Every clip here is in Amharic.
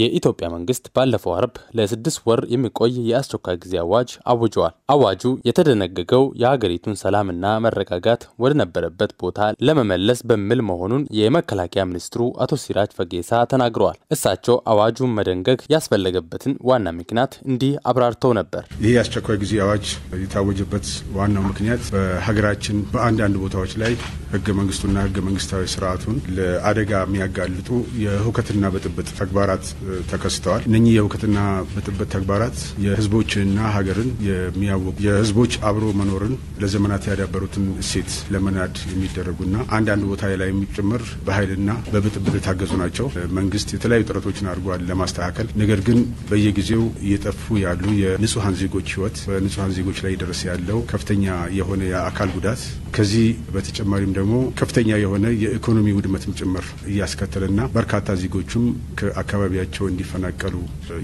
የኢትዮጵያ መንግስት ባለፈው አርብ ለስድስት ወር የሚቆይ የአስቸኳይ ጊዜ አዋጅ አውጀዋል። አዋጁ የተደነገገው የሀገሪቱን ሰላምና መረጋጋት ወደ ነበረበት ቦታ ለመመለስ በሚል መሆኑን የመከላከያ ሚኒስትሩ አቶ ሲራጅ ፈጌሳ ተናግረዋል። እሳቸው አዋጁን መደንገግ ያስፈለገበትን ዋና ምክንያት እንዲህ አብራርተው ነበር። ይህ የአስቸኳይ ጊዜ አዋጅ የታወጀበት ዋናው ምክንያት በሀገራችን በአንዳንድ ቦታዎች ላይ ህገ መንግስቱና ህገ መንግስታዊ ስርዓቱን ለአደጋ የሚያጋልጡ የህውከትና ብጥብጥ ተግባራት ተከስተዋል። እነኚህ የእውከትና ብጥብጥ ተግባራት የህዝቦችንና ሀገርን የሚያወቁ የህዝቦች አብሮ መኖርን ለዘመናት ያዳበሩትን እሴት ለመናድ የሚደረጉና አንዳንድ ቦታ ላይ የሚጭምር በኃይልና በብጥብጥ የታገዙ ናቸው። መንግስት የተለያዩ ጥረቶችን አድርጓል ለማስተካከል። ነገር ግን በየጊዜው እየጠፉ ያሉ የንጹሀን ዜጎች ህይወት፣ በንጹሀን ዜጎች ላይ ደረሰ ያለው ከፍተኛ የሆነ የአካል ጉዳት ከዚህ በተጨማሪም ደግሞ ከፍተኛ የሆነ የኢኮኖሚ ውድመትም ጭምር እያስከተለና በርካታ ዜጎቹም ከአካባቢያቸው ከቀያቸው እንዲፈናቀሉ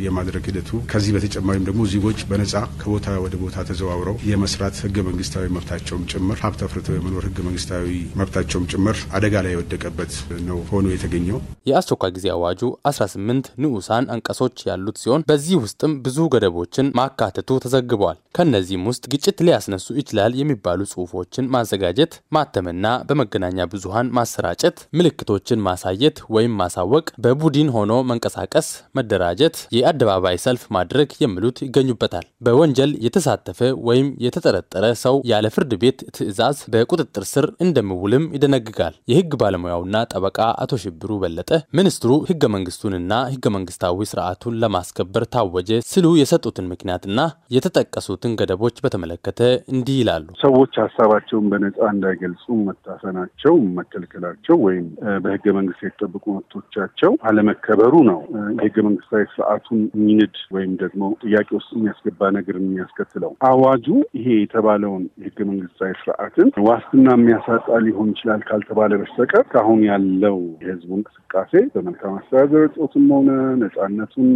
የማድረግ ሂደቱ ከዚህ በተጨማሪም ደግሞ ዜጎች በነጻ ከቦታ ወደ ቦታ ተዘዋውረው የመስራት ህገ መንግስታዊ መብታቸውም ጭምር ሀብት አፍርተው የመኖር ህገ መንግስታዊ መብታቸውም ጭምር አደጋ ላይ የወደቀበት ነው ሆኖ የተገኘው። የአስቸኳይ ጊዜ አዋጁ 18 ንዑሳን አንቀሶች ያሉት ሲሆን በዚህ ውስጥም ብዙ ገደቦችን ማካተቱ ተዘግበዋል። ከእነዚህም ውስጥ ግጭት ሊያስነሱ ይችላል የሚባሉ ጽሁፎችን ማዘጋጀት፣ ማተምና በመገናኛ ብዙሀን ማሰራጨት፣ ምልክቶችን ማሳየት ወይም ማሳወቅ፣ በቡድን ሆኖ መንቀሳቀስ መንቀሳቀስ፣ መደራጀት፣ የአደባባይ ሰልፍ ማድረግ የሚሉት ይገኙበታል። በወንጀል የተሳተፈ ወይም የተጠረጠረ ሰው ያለ ፍርድ ቤት ትዕዛዝ በቁጥጥር ስር እንደሚውልም ይደነግጋል። የህግ ባለሙያውና ጠበቃ አቶ ሽብሩ በለጠ ሚኒስትሩ ህገ መንግስቱንና ህገ መንግስታዊ ስርዓቱን ለማስከበር ታወጀ ሲሉ የሰጡትን ምክንያትና የተጠቀሱትን ገደቦች በተመለከተ እንዲህ ይላሉ። ሰዎች ሀሳባቸውን በነጻ እንዳይገልጹ መታፈናቸው፣ መከልከላቸው ወይም በህገ መንግስት የተጠበቁ መብቶቻቸው አለመከበሩ ነው። ህገ መንግስታዊ ስርዓቱን የሚንድ ወይም ደግሞ ጥያቄ ውስጥ የሚያስገባ ነገር የሚያስከትለው አዋጁ ይሄ የተባለውን የህገ መንግስታዊ ስርዓትን ዋስትና የሚያሳጣ ሊሆን ይችላል ካልተባለ በስተቀር ካሁን ያለው የህዝቡ እንቅስቃሴ በመልካም አስተዳደር እጦትም ሆነ ነጻነቱን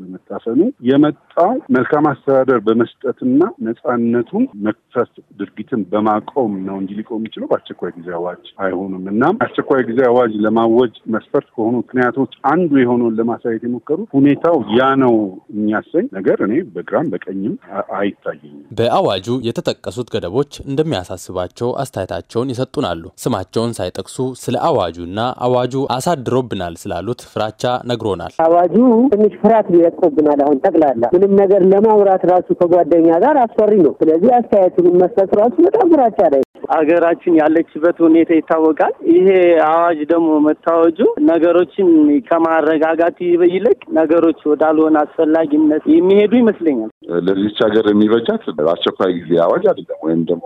በመታፈኑ የመጣው መልካም አስተዳደር በመስጠትና ነጻነቱን መክፈት ድርጊትን በማቆም ነው እንጂ ሊቆም የሚችለው በአስቸኳይ ጊዜ አዋጅ አይሆንም። እናም አስቸኳይ ጊዜ አዋጅ ለማወጅ መስፈርት ከሆኑ ምክንያቶች አንዱ የሆነውን ለማሳየት የሞከሩ ሁኔታው ያ ነው የሚያሰኝ ነገር እኔ በግራም በቀኝም አይታየኝም። በአዋጁ የተጠቀሱት ገደቦች እንደሚያሳስባቸው አስተያየታቸውን ይሰጡናሉ። ስማቸውን ሳይጠቅሱ ስለ አዋጁና አዋጁ አሳድሮብናል ስላሉት ፍራቻ ነግሮናል። አዋጁ ትንሽ ፍርሃት ሊለቆብናል። አሁን ጠቅላላ ምንም ነገር ለማውራት ራሱ ከጓደኛ ጋር አስፈሪ ነው። ስለዚህ አስተያየቱን መስጠት ራሱ በጣም ፍራቻ ላይ ሀገራችን ያለችበት ሁኔታ ይታወቃል። ይሄ አዋጅ ደግሞ መታወጁ ነገሮችን ከማረጋጋት ይልቅ ነገሮች ወዳልሆነ አስፈላጊነት የሚሄዱ ይመስለኛል። ለዚች ሀገር የሚበጃት በአስቸኳይ ጊዜ አዋጅ አይደለም፣ ወይም ደግሞ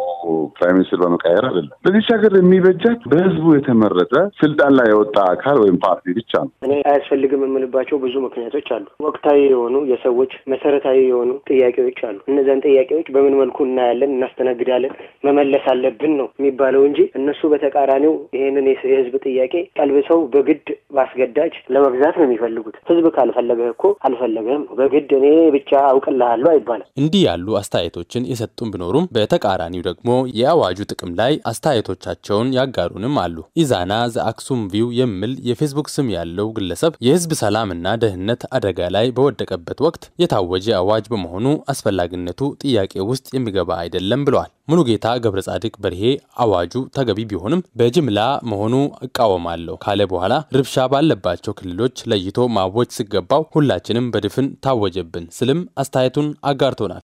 ፕራይም ሚኒስትር በመቀየር አይደለም። ለዚች ሀገር የሚበጃት በህዝቡ የተመረጠ ስልጣን ላይ የወጣ አካል ወይም ፓርቲ ብቻ ነው። እኔ አያስፈልግም የምልባቸው ብዙ ምክንያቶች አሉ። ወቅታዊ የሆኑ የሰዎች መሰረታዊ የሆኑ ጥያቄዎች አሉ። እነዚያን ጥያቄዎች በምን መልኩ እናያለን፣ እናስተናግዳለን፣ መመለስ አለብን ነው የሚባለው እንጂ እነሱ በተቃራኒው ይህንን የህዝብ ጥያቄ ቀልብሰው በግድ በአስገዳጅ ለመግዛት ነው የሚፈልጉት። ህዝብ ካልፈለገህ እኮ አልፈለገህም በግድ እኔ ብቻ አውቅልሃለሁ ይባላል። እንዲህ ያሉ አስተያየቶችን የሰጡን ቢኖሩም በተቃራኒው ደግሞ የአዋጁ ጥቅም ላይ አስተያየቶቻቸውን ያጋሩንም አሉ። ኢዛና ዘአክሱም ቪው የሚል የፌስቡክ ስም ያለው ግለሰብ የህዝብ ሰላምና ደህንነት አደጋ ላይ በወደቀበት ወቅት የታወጀ አዋጅ በመሆኑ አስፈላጊነቱ ጥያቄ ውስጥ የሚገባ አይደለም ብለዋል። ሙሉጌታ ገብረ ጻድቅ በርሄ አዋጁ ተገቢ ቢሆንም በጅምላ መሆኑ እቃወማለሁ ካለ በኋላ ርብሻ ባለባቸው ክልሎች ለይቶ ማወጅ ሲገባው ሁላችንም በድፍን ታወጀብን ስልም አስተያየቱን አጋርቶናል።